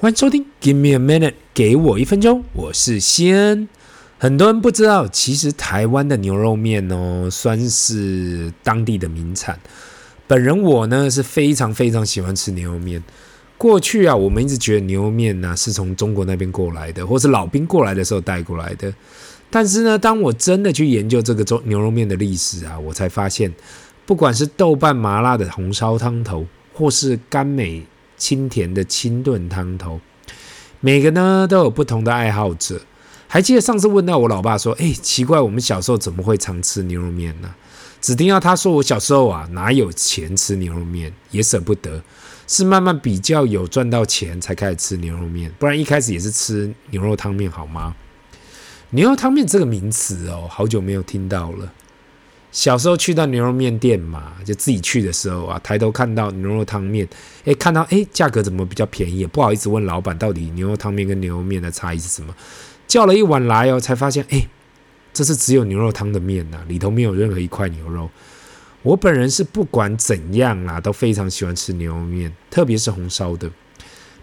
歡迎收聽《Give Me a Minute》，給我一分鐘，我是西恩。很多人不知道，其實台灣的牛肉麵哦，算是當地的名產。本人我呢是非常非常喜歡吃牛肉麵。過去啊，我們一直覺得牛肉麵呢、啊、是從中國那邊過來的，或是老兵過來的時候帶過來的。但是呢，當我真的去研究這個牛肉麵的歷史啊，我才發現，不管是豆瓣麻辣的紅燒湯頭，或是甘美。清甜的清燉湯頭，每個呢都有不同的愛好者。還記得上次問到我老爸說：“哎、欸，奇怪，我們小時候怎麼會常吃牛肉麵呢？”只聽到他說：“我小時候啊，哪有錢吃牛肉麵，也捨不得，是慢慢比較有賺到錢才開始吃牛肉麵，不然一開始也是吃牛肉湯麵，好嗎？”牛肉湯麵這個名詞哦，好久沒有聽到了。小時候去到牛肉麵店嘛，就自己去的時候啊，抬頭看到牛肉湯麵，誒、欸，看到誒，價格怎麼比較便宜？不好意思問老板到底牛肉湯麵跟牛肉麵的差異是什麼？叫了一碗來哦，才發現誒、欸，這是只有牛肉湯的麵吶、啊，裡頭沒有任何一塊牛肉。我本人是不管怎樣啦、啊，都非常喜歡吃牛肉麵，特別是紅燒的。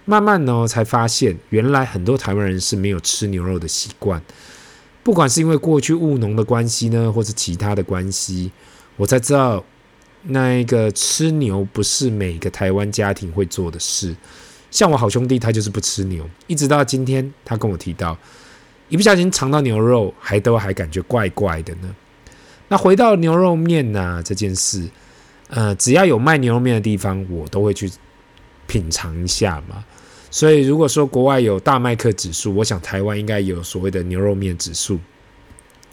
慢慢呢、哦，才發現原來很多台灣人是沒有吃牛肉的習慣。不管是因為過去務農的關係呢，或是其他的關係，我才知道那一個吃牛不是每個台灣家庭會做的事。像我好兄弟，他就是不吃牛，一直到今天，他跟我提到一不小心嘗到牛肉，還都還感覺怪怪的呢。那回到牛肉麵吶、啊、這件事，呃，只要有賣牛肉麵的地方，我都會去品嘗一下嘛。所以如果說國外有大麥克指數，我想台灣應該有所謂的牛肉麵指數。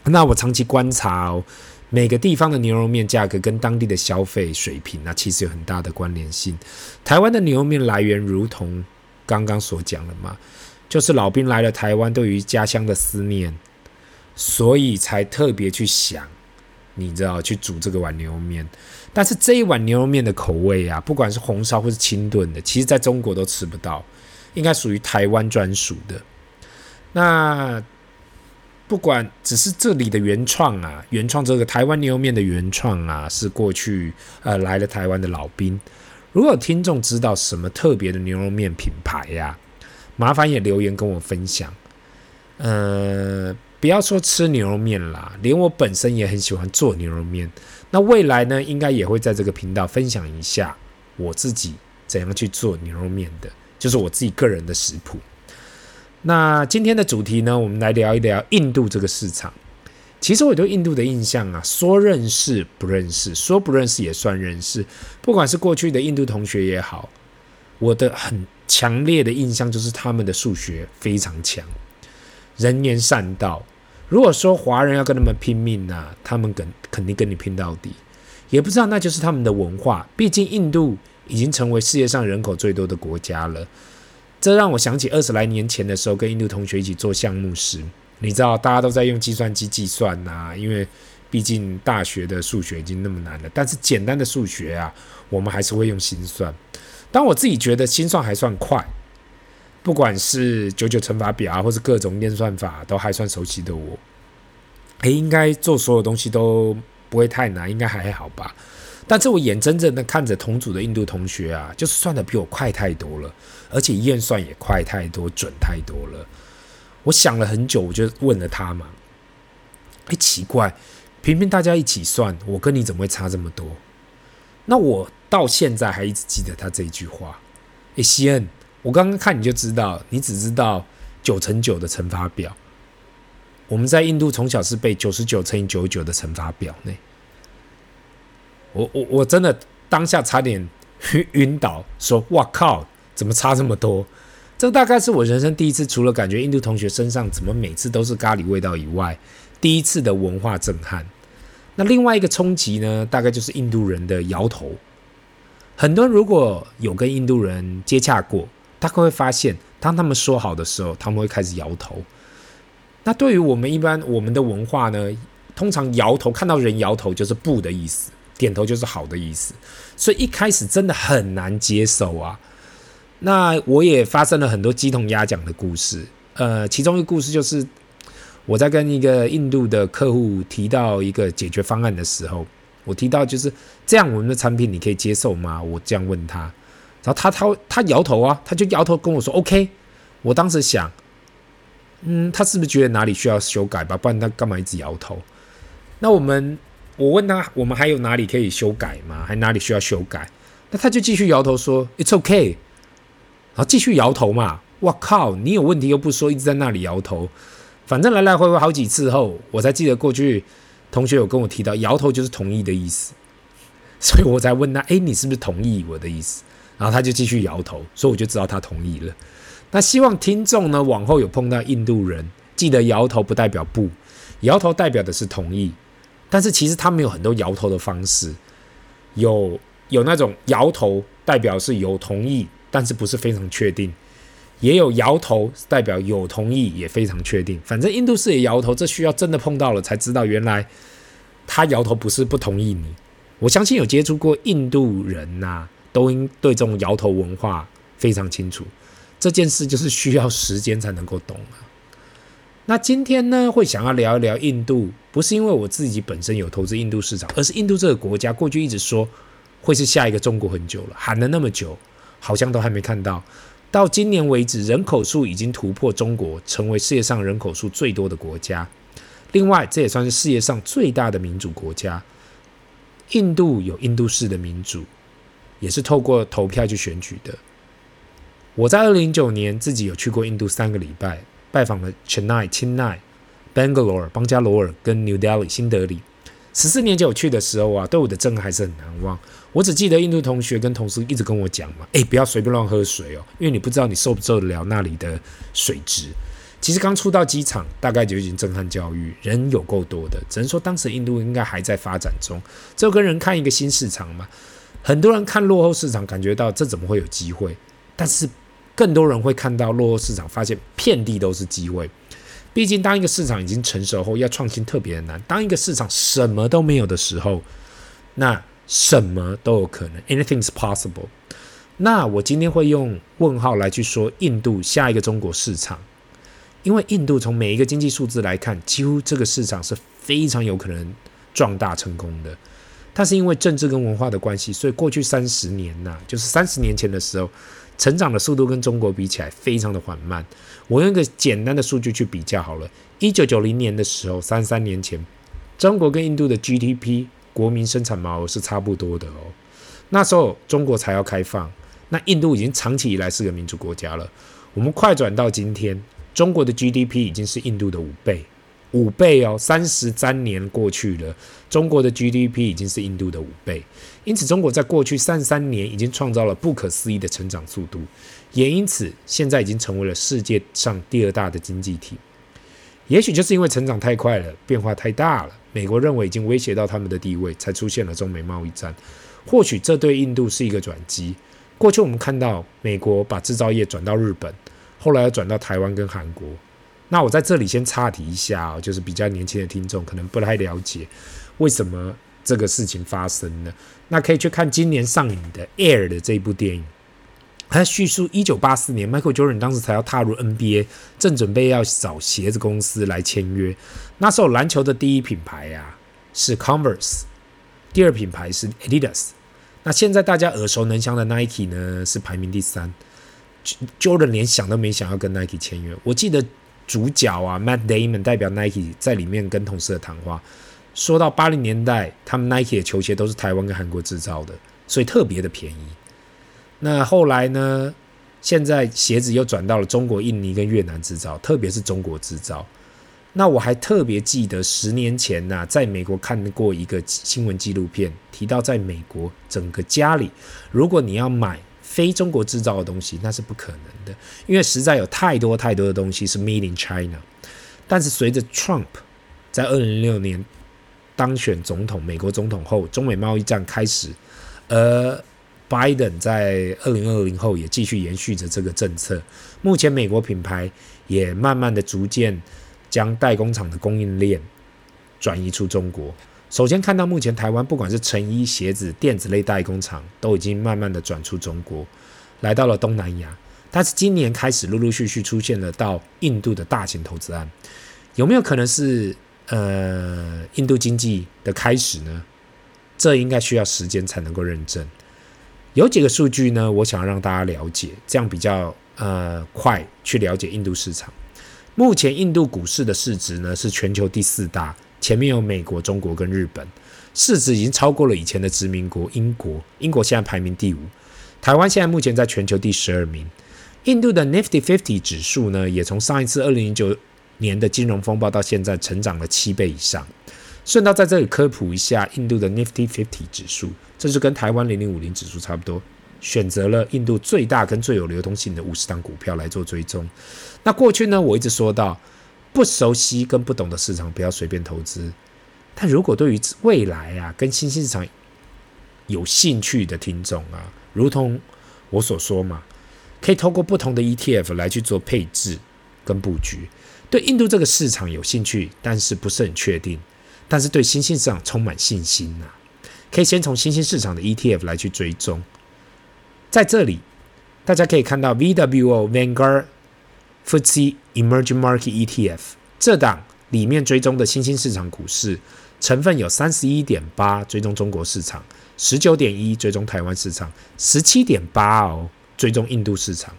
那我長期觀察哦，每個地方的牛肉麵價格跟當地的消費水平，那其實有很大的關聯性。台灣的牛肉麵來源，如同剛剛所講的嘛，就是老兵來了台灣，對於家鄉的思念，所以才特別去想，你知道去煮這個碗牛肉麵。但是這一碗牛肉麵的口味啊，不管是紅燒或是清燉的，其實在中國都吃不到。應該屬於台灣專屬的。那不管只是這裡的原創啊，原創這個台灣牛肉麵的原創啊，是過去呃來了台灣的老兵。如果聽眾知道什麼特別的牛肉麵品牌呀，麻煩也留言跟我分享。呃，不要說吃牛肉麵啦，連我本身也很喜歡做牛肉麵。那未來呢，應該也會在這個頻道分享一下我自己怎樣去做牛肉麵的。就是我自己個人的食譜。那今天的主題呢，我們來聊一聊印度這個市場。其實我對印度的印象啊，說認識不認識，說不認識也算認識。不管是過去的印度同學也好，我的很強烈的印象就是他們的數學非常強，人言善道。如果說華人要跟他們拼命呢、啊，他們跟肯定跟你拼到底。也不知道那就是他們的文化，畢竟印度。已經成為世界上人口最多的國家了，這讓我想起二十來年前的時候，跟印度同學一起做項目時，你知道大家都在用計算機計算吶、啊，因為畢竟大學的數學已經那麼難了，但是簡單的數學啊，我們還是會用心算。當我自己覺得心算還算快，不管是九九乘法表啊，或是各種演算法，都還算熟悉的我，誒，應該做所有東西都不會太難，應該還好吧。但是我眼睜睜的看着同組的印度同學啊，就是算的比我快太多了，而且驗算也快太多，準太多了。我想了很久，我就問了他嘛：“哎，奇怪，平平大家一起算，我跟你怎麼會差這麼多？”那我到現在還一直記得他這一句話：“哎，西恩，我剛剛看你就知道，你只知道九乘九的乘法表。我們在印度從小是背九十九乘以九十九的乘法表呢。我我我真的當下差點暈暈倒，說哇靠，怎麼差這麼多？這大概是我人生第一次，除了感覺印度同學身上怎麼每次都是咖喱味道以外，第一次的文化震撼。那另外一個衝擊呢，大概就是印度人的搖頭。很多人如果有跟印度人接洽過，他會發現，當他們說好的時候，他們會開始搖頭。那對於我們一般我們的文化呢，通常搖頭，看到人搖頭就是不的意思。點頭就是好的意思，所以一開始真的很難接受啊。那我也發生了很多雞同鴨講的故事。呃，其中一個故事就是我在跟一個印度的客戶提到一個解決方案的時候，我提到就是這樣，我們的產品你可以接受嗎？我這樣問他，然後他他他搖頭啊，他就搖頭跟我說 OK。我當時想，嗯，他是不是覺得哪裡需要修改吧？不然他幹嘛一直搖頭？那我們。我問他：“我們還有哪裡可以修改嗎？還哪裡需要修改？”那他就繼續搖頭說：“It's OK。”然後繼續搖頭嘛。哇靠！你有問題又不說，一直在那裡搖頭。反正來來回回好幾次後，我才記得過去，同學有跟我提到，搖頭就是同意的意思。所以我才問他：“誒，你是不是同意我的意思？”然後他就繼續搖頭，所以我就知道他同意了。那希望聽眾呢，往後有碰到印度人，記得搖頭不代表不，搖頭代表的是同意。但是其實他們有很多搖頭的方式，有有那種搖頭代表是有同意，但是不是非常確定；也有搖頭代表有同意也非常確定。反正印度是也搖頭，這需要真的碰到了才知道，原來他搖頭不是不同意你。我相信有接觸過印度人吶、啊，都對這種搖頭文化非常清楚。這件事就是需要時間才能夠懂、啊那今天呢，會想要聊一聊印度，不是因為我自己本身有投資印度市場，而是印度這個國家，過去一直說會是下一個中國很久了，喊了那麼久，好像都還沒看到。到今年為止，人口數已經突破中國，成為世界上人口數最多的國家。另外，這也算是世界上最大的民主國家。印度有印度式的民主，也是透過投票去選舉的。我在二零零九年自己有去過印度三個禮拜。拜訪了 Chennai、欽奈、Bangalore、邦加羅爾跟 New Delhi、新德里。十四年前我去的時候啊，對我的震撼還是很難忘。我只記得印度同學跟同事一直跟我講嘛：“誒、欸，不要隨便亂喝水哦，因為你不知道你受不受得了那裡的水質。”其實剛出到機場，大概就已經震撼教育，人有夠多的，只能說當時印度應該還在發展中，就跟人看一個新市場嘛。很多人看落後市場，感覺到這怎麼會有機會？但是。更多人會看到落後市場，發現遍地都是機會。畢竟，當一個市場已經成熟後，要創新特別的難。當一個市場什麼都沒有的時候，那什麼都有可能，anything is possible。那我今天會用問號來去說印度下一個中國市場，因為印度從每一個經濟數字來看，幾乎這個市場是非常有可能壯大成功的。但是因為政治跟文化的關係，所以過去三十年吶、啊，就是三十年前的時候。成長的速度跟中國比起來非常的緩慢。我用一個簡單的數據去比較好了。一九九零年的時候，三三年前，中國跟印度的 GDP 國民生產毛額是差不多的哦。那時候中國才要開放，那印度已經長期以來是個民主國家了。我們快轉到今天，中國的 GDP 已經是印度的五倍。五倍哦，三十三年過去了，中國的 GDP 已經是印度的五倍。因此，中國在過去三十三年已經創造了不可思議的成長速度，也因此現在已經成為了世界上第二大的經濟體。也許就是因為成長太快了，變化太大了，美國認為已經威脅到他們的地位，才出現了中美貿易戰。或許這對印度是一個轉機。過去我們看到，美國把制造業轉到日本，後來又轉到台灣跟韓國。那我在這裡先插題一下哦，就是比較年輕的聽眾可能不太了解，為什麼這個事情發生呢？那可以去看今年上映的《Air》的這一部電影，它敘述一九八四年，Michael Jordan 當時才要踏入 NBA，正準備要找鞋子公司來簽約。那時候籃球的第一品牌啊是 Converse，第二品牌是 Adidas，那現在大家耳熟能詳的 Nike 呢是排名第三。Jordan 連想都沒想要跟 Nike 簽約，我記得。主角啊，Matt Damon 代表 Nike 在裡面跟同事的談話，說到八零年代，他們 Nike 的球鞋都是台灣跟韓國製造的，所以特別的便宜。那後來呢？現在鞋子又轉到了中國、印尼跟越南製造，特別是中國製造。那我還特別記得十年前吶，在美國看過一個新聞紀錄片，提到在美國整個家裡，如果你要買。非中國製造的東西那是不可能的，因為實在有太多太多的東西是 made in China。但是隨着 Trump 在二零一六年當選總統，美國總統後，中美貿易戰開始，而 Biden 在二零二零後也繼續延續着這個政策。目前美國品牌也慢慢的逐漸將代工廠的供應鏈轉移出中國。首先看到，目前台灣不管是成衣鞋子、鞋子、電子類代工廠，都已經慢慢的轉出中國，來到了東南亞。但是今年開始，陸陸續續出現了到印度的大型投資案，有沒有可能是呃印度經濟的開始呢？這應該需要時間才能夠認證。有幾個數據呢，我想讓大家了解，這樣比較呃快去了解印度市場。目前印度股市的市值呢，是全球第四大。前面有美國、中國跟日本，市值已經超過了以前的殖民國英國。英國現在排名第五，台灣現在目前在全球第十二名。印度的 Nifty 50指數呢，也從上一次二零零九年的金融風暴到現在成長了七倍以上。順道在這裡科普一下，印度的 Nifty 50指數，這是跟台灣零零五零指數差不多，選擇了印度最大跟最有流通性的五十檔股票來做追蹤。那過去呢，我一直說到。不熟悉跟不懂的市場，不要隨便投資。但如果對於未來啊，跟新興市場有興趣的聽眾啊，如同我所說嘛，可以透過不同的 ETF 來去做配置跟布局。對印度這個市場有興趣，但是不是很確定，但是對新興市場充滿信心吶、啊，可以先從新興市場的 ETF 來去追蹤。在這裡，大家可以看到 VWO Vanguard。FTSE Emerging Market ETF 這檔裡面追蹤的新興市場股市成分有三十一點八追蹤中國市場，十九點一追蹤台灣市場，十七點八哦追蹤印度市場。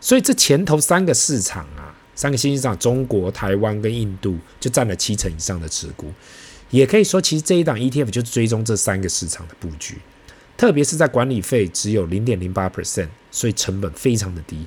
所以這前頭三個市場啊，三個新興市場，中國、台灣跟印度就佔了七成以上的持股。也可以說，其實這一檔 ETF 就是追蹤這三個市場的佈局，特別是在管理費只有零點零八 percent，所以成本非常的低。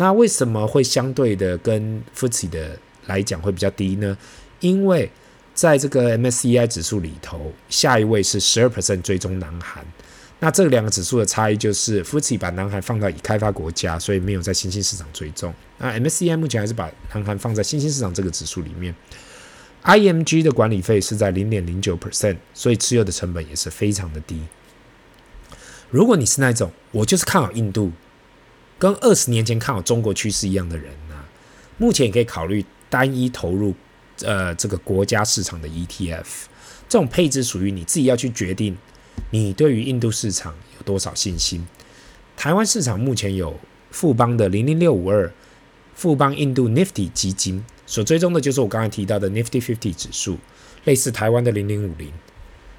那為什麼會相對的跟富時的來講會比較低呢？因為在這個 MSCI 指數裡頭，下一位是十二 percent 追蹤南韓。那這兩個指數的差異就是富時把南韓放到已開發國家，所以沒有在新興市場追蹤。那 MSCI 目前還是把南韓放在新興市場這個指數裡面。IEMG 的管理費是在零點零九 percent，所以持有的成本也是非常的低。如果你是那種我就是看好印度，跟二十年前看好中國趨勢一樣的人呢、啊，目前也可以考慮單一投入，呃，這個國家市場的 ETF，這種配置屬於你自己要去決定，你對於印度市場有多少信心？台灣市場目前有富邦的零零六五二，富邦印度 Nifty 基金所追蹤的就是我剛才提到的 Nifty Fifty 指數，類似台灣的零零五零，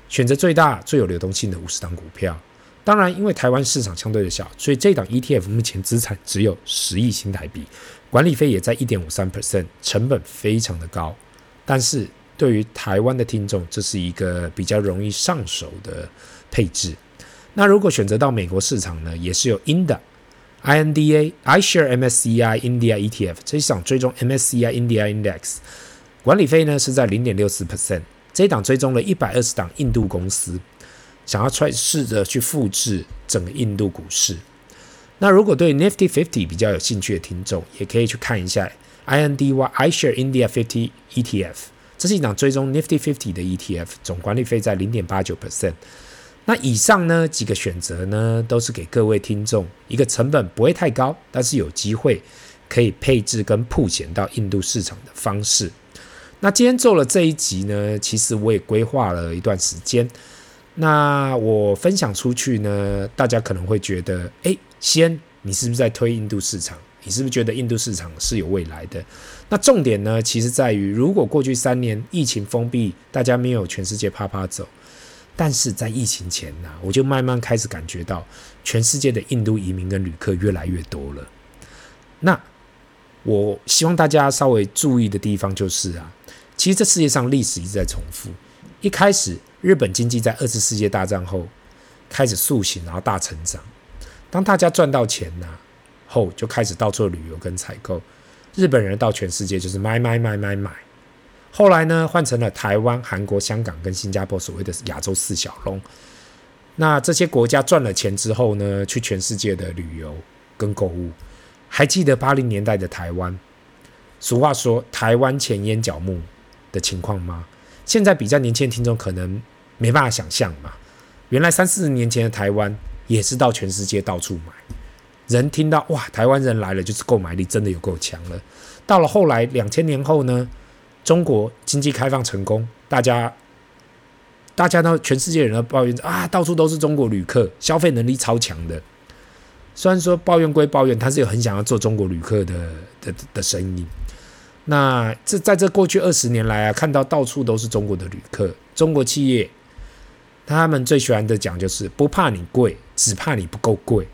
選擇最大最有流動性的五十檔股票。當然，因為台灣市場相對的小，所以這檔 ETF 目前資產只有十億新台幣，管理費也在一點五三 percent，成本非常的高。但是對於台灣的聽眾，這是一個比較容易上手的配置。那如果選擇到美國市場呢，也是有 INDA，INDA，iShare MSCI India ETF，這一檔追蹤 MSCI India Index，管理費呢是在零點六四 percent，這一檔追蹤了一百二十檔印度公司，想要 try 試着去複製整個印度股市，那如果對 Nifty Fifty 比較有興趣的聽眾，也可以去看一下 INDY，iShares India Fifty ETF，這是一檔追蹤 Nifty Fifty 的 ETF，總管理費在零點八九 percent。那以上呢幾個選擇呢，都是給各位聽眾一個成本不會太高，但是有機會可以配置跟鋪錢到印度市場的方式。那今天做了這一集呢，其實我也規劃了一段時間。那我分享出去呢，大家可能會覺得，哎，先，你是不是在推印度市場？你是不是覺得印度市場是有未來的？那重點呢，其實在於，如果過去三年疫情封閉，大家沒有全世界趴趴走，但是在疫情前呢、啊，我就慢慢開始感覺到，全世界的印度移民跟旅客越來越多了。那我希望大家稍微注意的地方就是啊，其實這世界上歷史一直在重複，一開始。日本經濟在二次世界大戰後開始塑形，然後大成長。當大家賺到錢了、啊、後，就開始到處旅遊跟採購。日本人到全世界就是買買買買買。後來呢，換成了台灣、韓國、香港跟新加坡所謂的亞洲四小龍。那這些國家賺了錢之後呢，去全世界的旅遊跟購物。還記得八零年代的台灣，俗話說“台灣錢淹腳目”的情況嗎？現在比較年輕的聽眾可能。沒辦法想象嘛，原來三四十年前的台灣也是到全世界到處買，人聽到哇，台灣人來了，就是購買力真的有夠強了。到了後來兩千年後呢，中國經濟開放成功，大家，大家呢，全世界人都抱怨啊，到處都是中國旅客，消費能力超強的。雖然說抱怨歸抱怨，他是有很想要做中國旅客的的的生意。那這，在這過去二十年來啊，看到到處都是中國的旅客、中國企業。他們最喜歡的講就是不怕你貴，只怕你不夠貴。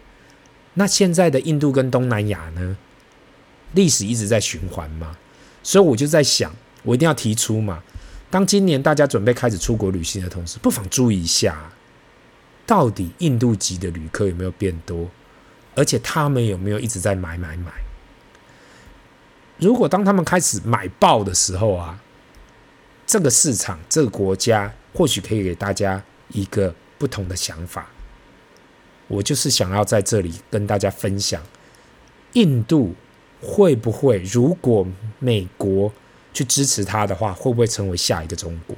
那現在的印度跟東南亞呢，歷史一直在循環嘛，所以我就在想，我一定要提出嘛。當今年大家準備開始出國旅行的同時，不妨注意一下，到底印度籍的旅客有沒有變多，而且他們有沒有一直在買買買？如果當他們開始買爆的時候啊，這個市場這個國家或許可以給大家。一個不同的想法，我就是想要在這裡跟大家分享：印度會不會如果美國去支持他的話，會不會成為下一個中國？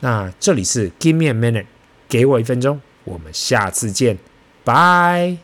那這裡是 Give me a minute，給我一分鐘，我們下次見，拜。